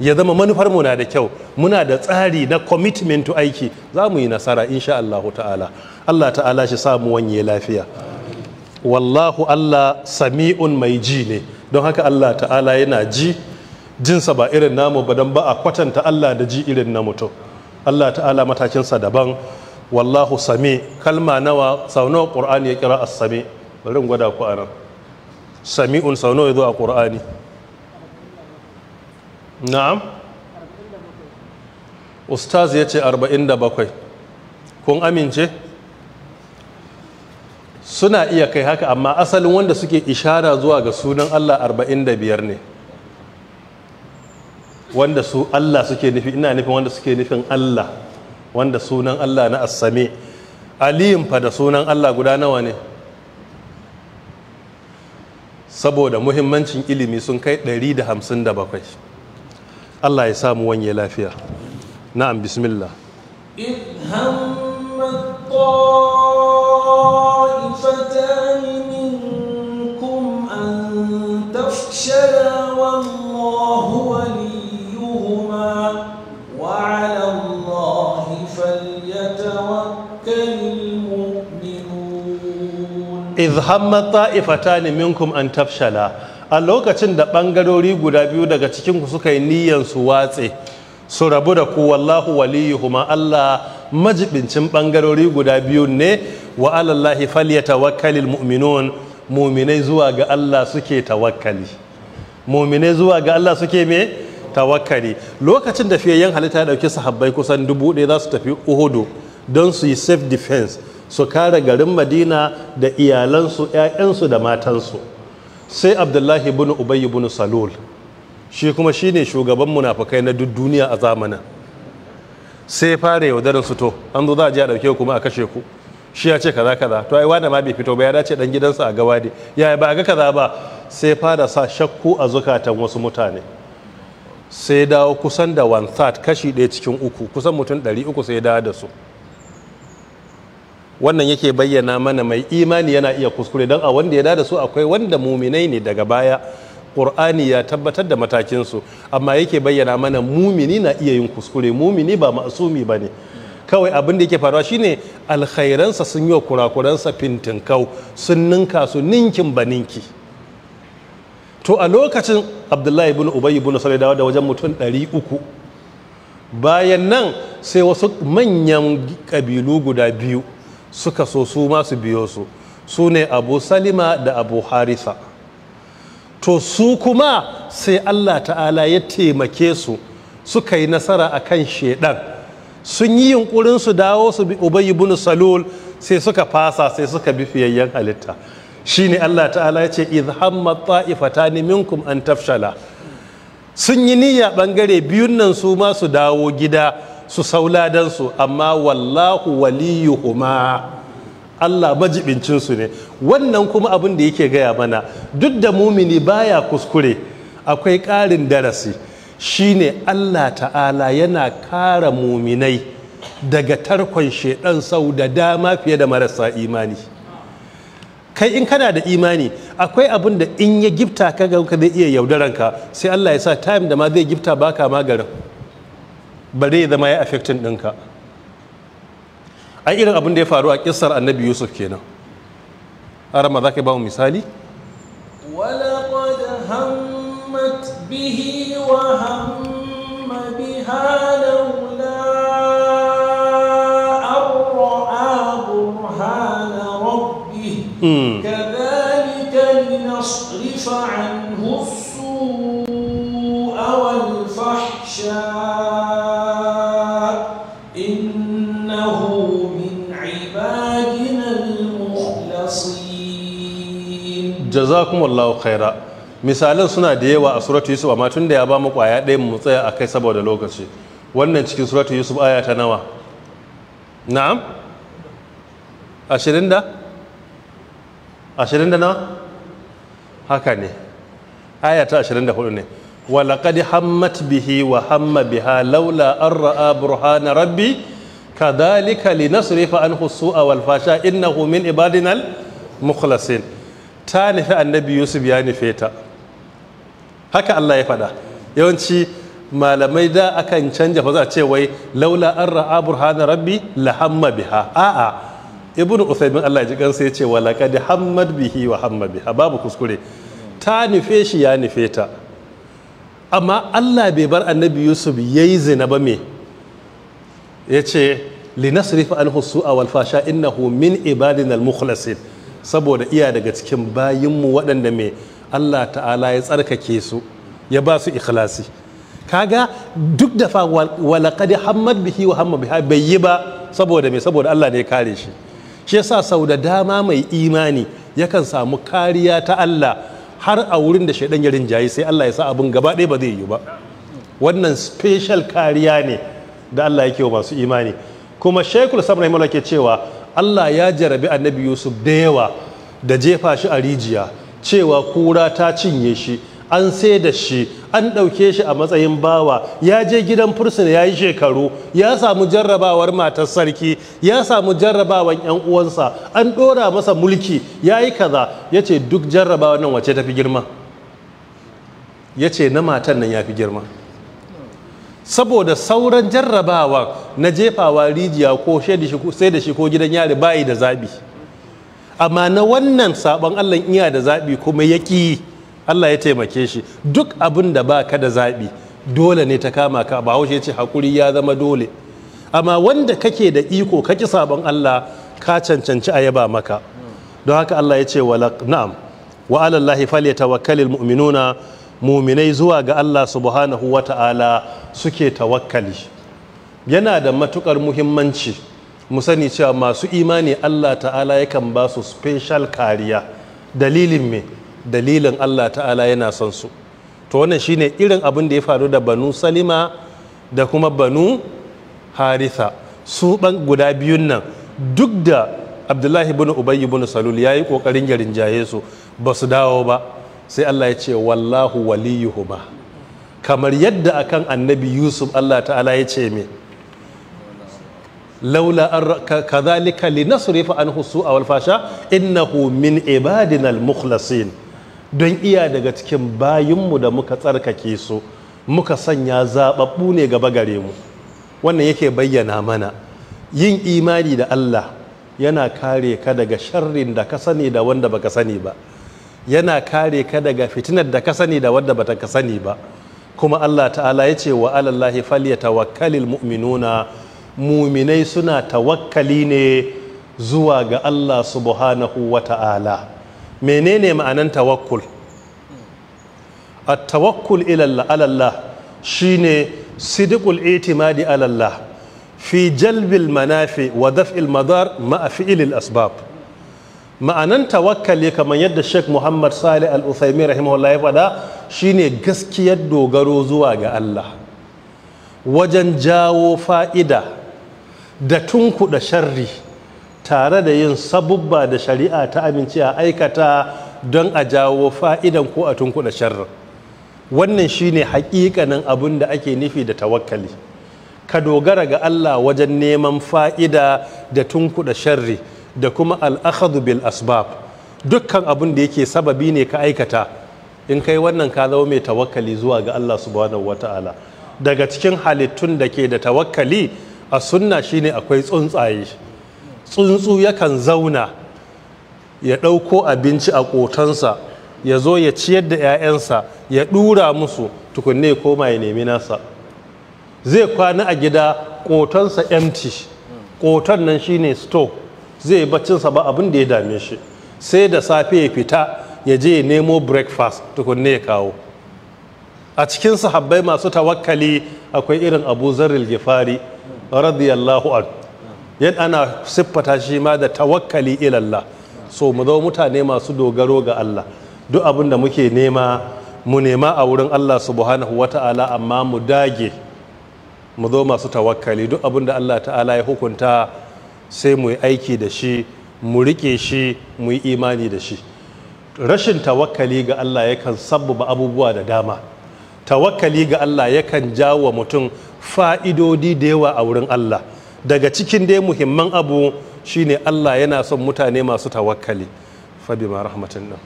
ya zama manufar mu na da kyau muna da tsari na commitment to aiki za mu yi nasara insha Allah ta'ala Allah ta'ala shi samu wanye lafiya wallahu Allah sami'un mai ji ne don haka Allah ta'ala yana ji jinsa ba irin namu ba don ba a kwatanta Allah da ji irin na mutum Allah ta'ala matakinsa daban wallahu sami kalma nawa sau nawa ya kira as-sami bari gwada ku a nan sami'un sau ya zo a ƙur'ani na'am ustaz ya ce 47 kun amince suna iya kai haka amma asalin wanda suke ishara zuwa ga sunan Allah 45 ne wanda su Allah suke nufi ina nufin wanda suke nufin Allah wanda sunan Allah na assame alim fa da sunan Allah guda nawa ne saboda muhimmancin ilimi sun kai 157 Allah ya samu wanye lafiya na'am bismillah idh شلا والله وليهما وعلى الله فليتوكل المؤمنون إذ a lokacin da ɓangarori guda biyu daga cikinku suka yi niyyar su watse su rabu da ku wallahu ma Allah majibincin ɓangarori guda biyu ne wa alallahi falyatawakkalil mu'minun muminai zuwa ga Allah suke tawakkali mumine zuwa ga Allah suke me tawakkali lokacin da fiyayyen halitta ya dauki sahabbai kusan dubu ɗaya za su tafi uhudu don su yi self defense su kare garin madina da iyalansu 'ya'yansu da matansu sai abdullahi bin ubay bin salul shi kuma shine shugaban munafukai na duk duniya a zamanin sai fara yaudarin su to an zo za a je a dauke kuma a kashe ku shi ya ce kaza kaza to ai wanda ma bai fito ba ya dace dan gidansa a gawa ne yaya ba a ga kaza ba sai fara sa shakku a zukatan wasu mutane sai dawo kusan da one third kashi ɗaya cikin uku kusan mutum ɗari uku sai dawo da su wannan yake bayyana mana mai imani yana iya kuskure don a wanda ya da su akwai wanda muminai ne daga baya ƙur'ani ya tabbatar da matakinsu amma yake bayyana mana mumini na iya yin kuskure mumini ba ma'asumi ba ne kawai abin da yake faruwa shine alkhairansa sun yi wa kurakuransa fintinkau sun ninka su ninkin ba ninki to a lokacin abdullahi ibn ubay ibn salai dawo da wajen mutum 300 bayan nan sai wasu manyan kabilu guda biyu suka so su masu biyo su su ne abu salima da abu harisa to su kuma sai allah ta'ala ya taimake su suka yi nasara a kan shaidan sun yi yunkurin su dawo su bi ubayi bin salul sai suka fasa sai suka bi fiyayyen halitta shine Allah ta'ala ya ce idh hamma ta'ifatan minkum an tafshala sun yi niyya bangare biyun nan su ma su dawo gida su sauladan su amma wallahu waliyuhuma Allah majibincin su ne wannan kuma abin da yake gaya mana duk da mumini baya kuskure akwai ƙarin darasi shine Allah ta'ala yana kara muminai daga tarkon shedan sau da dama fiye da marasa imani kai in kana da imani akwai abin da in ya gifta ka ga ka zai iya yaudaran ka sai Allah ya sa time da ma zai gifta baka magarin bare ya zama ya affecting ɗinka ai irin abin da ya faru a kissar annabi yusuf kenan arama za ka ba mu misali ولقد bihi wa hamma biha كذلك لنصرف عنه السوء والفحشاء إنه من عبادنا المخلصين جزاكم الله خيرا misalin suna da yawa a suratu yusuf amma tun da ya ba mu kwaya ɗaya mu tsaya a kai saboda lokaci wannan cikin suratu yusuf aya ta nawa na'am ashirin da ashirin da nawa haka ne aya ashirin da hudu ne walaƙad hammat bihi wa hamma biha laula an ra'a burhana rabbi kadhalika linasrifa anhu su'a wal fasha innahu min ibadinal mukhlasin ta nufi annabi yusuf ya nufe ta haka Allah ya faɗa yawanci malamai da akan canja fa za a ce wai laula an ra'a burhana rabbi la hamma biha a'a ibnu usaimin allah ji kansa ya ce wa hammad bihi wa hamma biha babu kuskure ta nufe shi ya nufe ta amma allah bai bar annabi yusuf yayi zina ba me ya ce linasrifa anhu su'a wal fasha innahu min ibadina al mukhlasin saboda iya daga cikin bayinmu waɗanda mai allah ta'ala ya tsarkake su ya ba su ikhlasi kaga duk da fa walaqad hammad bihi wa biha bai yi ba saboda me saboda allah ne ya kare shi shi yasa sau da dama mai imani yakan samu kariya ta Allah har a wurin da shaidan ya rinjaye sai Allah ya sa abin gaba ɗaya ba zai yi ba wannan special kariya ne da Allah yake wa masu imani kuma shekul sabon rahimu ke cewa Allah ya jarabi Annabi Yusuf da yawa da jefa shi a rijiya cewa kura ta cinye shi an sai da shi an ɗauke shi a matsayin bawa ya je gidan fursuna ya yi shekaru ya samu jarrabawar matar sarki ya samu jarrabawan 'yan uwansa an ɗora masa mulki ya yi kaza ya ce duk jarrabawa nan wace ta fi girma ya ce na matan nan ya fi girma saboda sauran jarrabawa na jefawa rijiya ko sai da shi ko gidan yari bayi da zaɓi amma na wannan sabon allah iya da zaɓi kuma ya ƙi Allah ya taimake shi duk abin da ba ka da zaɓi dole ne ta kama ka ba haushe ce haƙuri ya zama dole amma wanda kake da iko kaki sabon Allah ka cancanci a yaba maka don haka Allah ya ce wala na'am wa ala Allah mu'minuna mu'minai zuwa ga Allah subhanahu ta'ala suke tawakkali yana da matukar muhimmanci mu sani cewa masu imani Allah ta'ala yakan ba su special kariya dalilin me dalilin Allah ta'ala yana son su to wannan shine irin abin da ya faru da banu salima da kuma banu haritha su ban guda biyun nan duk da abdullahi bin ubayy bin salul yayi kokarin ya rinjaye su ba su dawo ba sai Allah ya ce wallahu waliyuhuma kamar yadda akan annabi yusuf Allah ta'ala ya ce me laula kadhalika linasrifa anhu su'a wal fasha innahu min ibadina al-mukhlasin don iya daga cikin bayinmu da muka tsarkake su muka sanya zaɓaɓɓu ne gaba gare mu wannan yake bayyana mana yin imani da Allah yana kare ka daga sharrin da ka sani da wanda baka sani ba yana kare ka daga fitinar da ka sani da wanda bata ka sani ba kuma Allah ta'ala ya ce wa alallahi falyatawakkalil mu'minuna muminai suna tawakkali ne zuwa ga Allah subhanahu wa ta'ala menene ma'anan tawakkul a tawakkul ila Allah shine sidikul itimadi alallah Allah fi jalbil manafi wa daf'il madar ma'a ilil asbab ma'anan tawakkali kamar yadda Sheikh Muhammad Salih Al-Uthaymeen rahimahullah ya faɗa shine gaskiyar dogaro zuwa ga Allah wajen jawo fa'ida da tunku tunkuɗa sharri tare da yin sabubba da shari'a ta amince a aikata don a jawo fa'idan ko a tunkuɗa sharri wannan shine hakikanin abin da ake nufi da tawakkali ka dogara ga Allah wajen neman fa'ida da tunkuɗa sharri da kuma al'akhadu bil asbab dukkan abin da yake sababi ne ka aikata in kai wannan ka zama mai tawakkali zuwa ga Allah subhanahu wata'ala daga cikin halittun da ke da tawakkali a sunna shine akwai tsuntsaye tsuntsu yakan zauna ya ɗauko abinci a ƙotonsa ya zo ya ciyar da 'ya'yansa ya ɗura musu tukunne koma ya nemi nasa zai kwana a gida ƙotonsa empty ƙoton nan shine store zai baccinsa ba abin da ya dame shi sai da safe ya fita ya je ya nemo breakfast tukunne ya kawo a cikin sahabbai masu tawakkali akwai irin abu zarril gifari radiyallahu anhu yadda ana siffata shi ma da tawakkali ilallah so mu zo mutane masu dogaro ga Allah duk abin da muke nema mu nema a wurin Allah subhanahu ta'ala, amma mu dage mu zo masu tawakkali duk abin da Allah ta'ala ya hukunta sai mu yi aiki da shi mu rike shi mu yi imani da shi rashin tawakkali ga Allah yakan sabbaba abubuwa da dama tawakkali ga Allah yakan jawo mutum fa'idodi da yawa a wurin Allah daga cikin dai muhimman abu shine Allah yana son mutane masu tawakkali fa bi ma rahmatin nan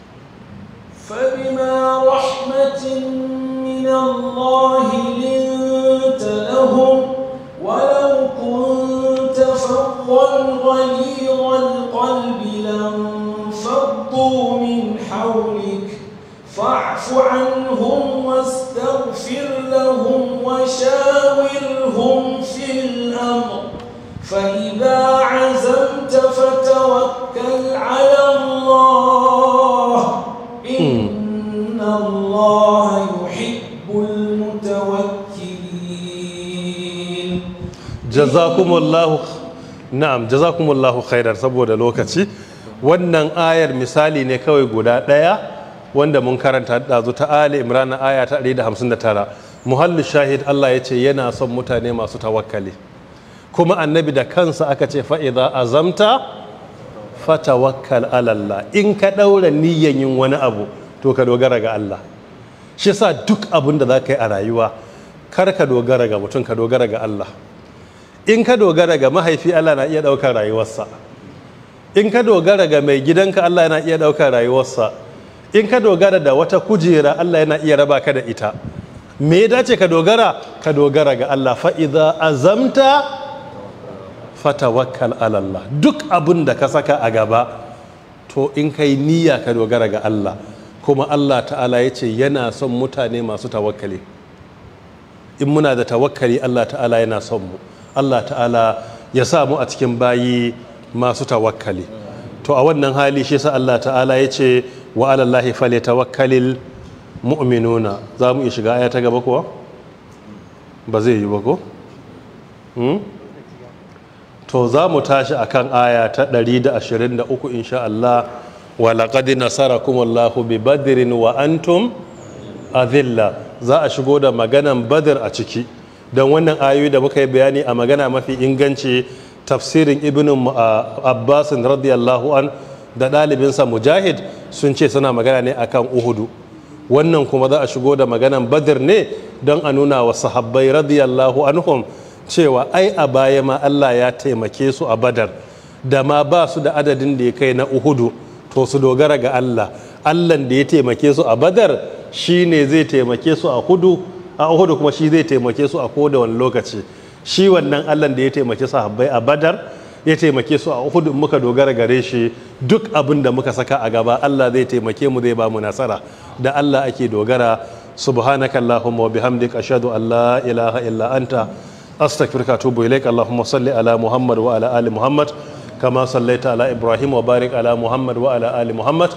fa bi ma rahmatin min Allah linta lahum walau kunta fawwan ghalidhal qalbi lam faddu min hawlik fa'fu anhum wastaghfir lahum wa shawirhum fil amr فإذا عزمت فتوكل على الله إن الله يحب المتوكلين جزاكم na'am jazakumullahu khairar saboda lokaci wannan ayar misali ne kawai guda ɗaya wanda mun karanta ɗazu ta ali imran aya ta 159 muhallu shahid Allah ya ce yana son mutane masu tawakkali kuma annabi da kansa aka ce fa'iza azamta fatawakkal alalla. in ka ɗaura niyyan yin wani abu to ka dogara ga Allah shi sa duk abin da za ka yi a rayuwa kar ka dogara ga mutum ka dogara ga Allah in ka dogara ga mahaifi Allah na iya ɗaukar rayuwarsa in ka dogara ga mai gidanka Allah yana iya ɗaukar rayuwarsa in ka dogara da wata kujera Allah yana iya raba ka da ita me ya dace ka dogara ka dogara ga Allah fa'iza azamta fatawakkal alallah duk abin da ka saka a gaba to in kai niyya ka dogara ga Allah kuma Allah ta'ala ya ce yana son mutane masu tawakkali in muna da tawakkali Allah ta'ala yana son mu Allah ta'ala ya sa mu a cikin bayi masu tawakkali to a wannan hali shi sa Allah ta'ala ya ce wa alallahi fale tawakkalil mu'minuna za mu iya shiga aya ta gaba kuwa ba zai yi ba ko? Hmm? to za mu tashi a kan aya ta 123 insha Allah wa kuma Allah bi badrin wa antum azilla za a shigo da maganan badr a ciki don wannan ayoyi da muka yi bayani a magana mafi inganci tafsirin ibn abbas radiyallahu an da ɗalibinsa mujahid sun ce suna magana ne akan uhudu wannan kuma za a shigo da maganan badr ne don a nuna wa sahabbai radiyallahu anhum cewa ai a baya ma Allah ya taimake su a badar da ma ba su da adadin da ya kai na uhudu to su dogara ga Allah Allah da ya taimake su a badar shi ne zai taimake su a hudu a uhudu kuma shi zai taimake su a koda wani lokaci shi wannan Allah da ya taimake su a badar ya taimake su a uhudu muka dogara gare shi duk abin da muka saka a gaba Allah zai taimake mu zai ba mu nasara da Allah ake dogara subhanakallahumma wa bihamdika ashhadu an la ilaha illa anta astaghfiruka wa atubu ilaik allahumma salli ala muhammad wa ala ali muhammad kama sallaita ala ibrahim wa barik ala muhammad wa ala ali muhammad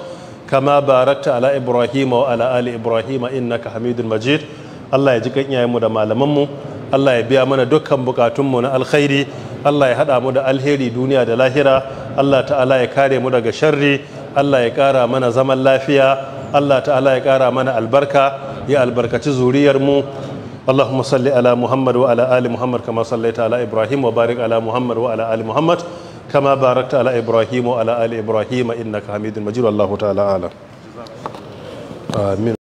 kama barakta ala ibrahim wa ala ali ibrahim innaka hamidul majid allah ya ji kan mu da malamanmu allah ya biya mana dukkan bukatunmu na alkhairi allah ya haɗa mu da alheri duniya da lahira allah ta'ala ya kare mu daga sharri allah ya ƙara mana zaman lafiya allah ta'ala ya ƙara mana albarka ya albarkaci zuriyarmu اللهم صل على محمد وعلى آل محمد كما صليت على إبراهيم وبارك على محمد وعلى آل محمد كما باركت على إبراهيم وعلى آل إبراهيم إنك حميد مجيد والله تعالى أعلم آمين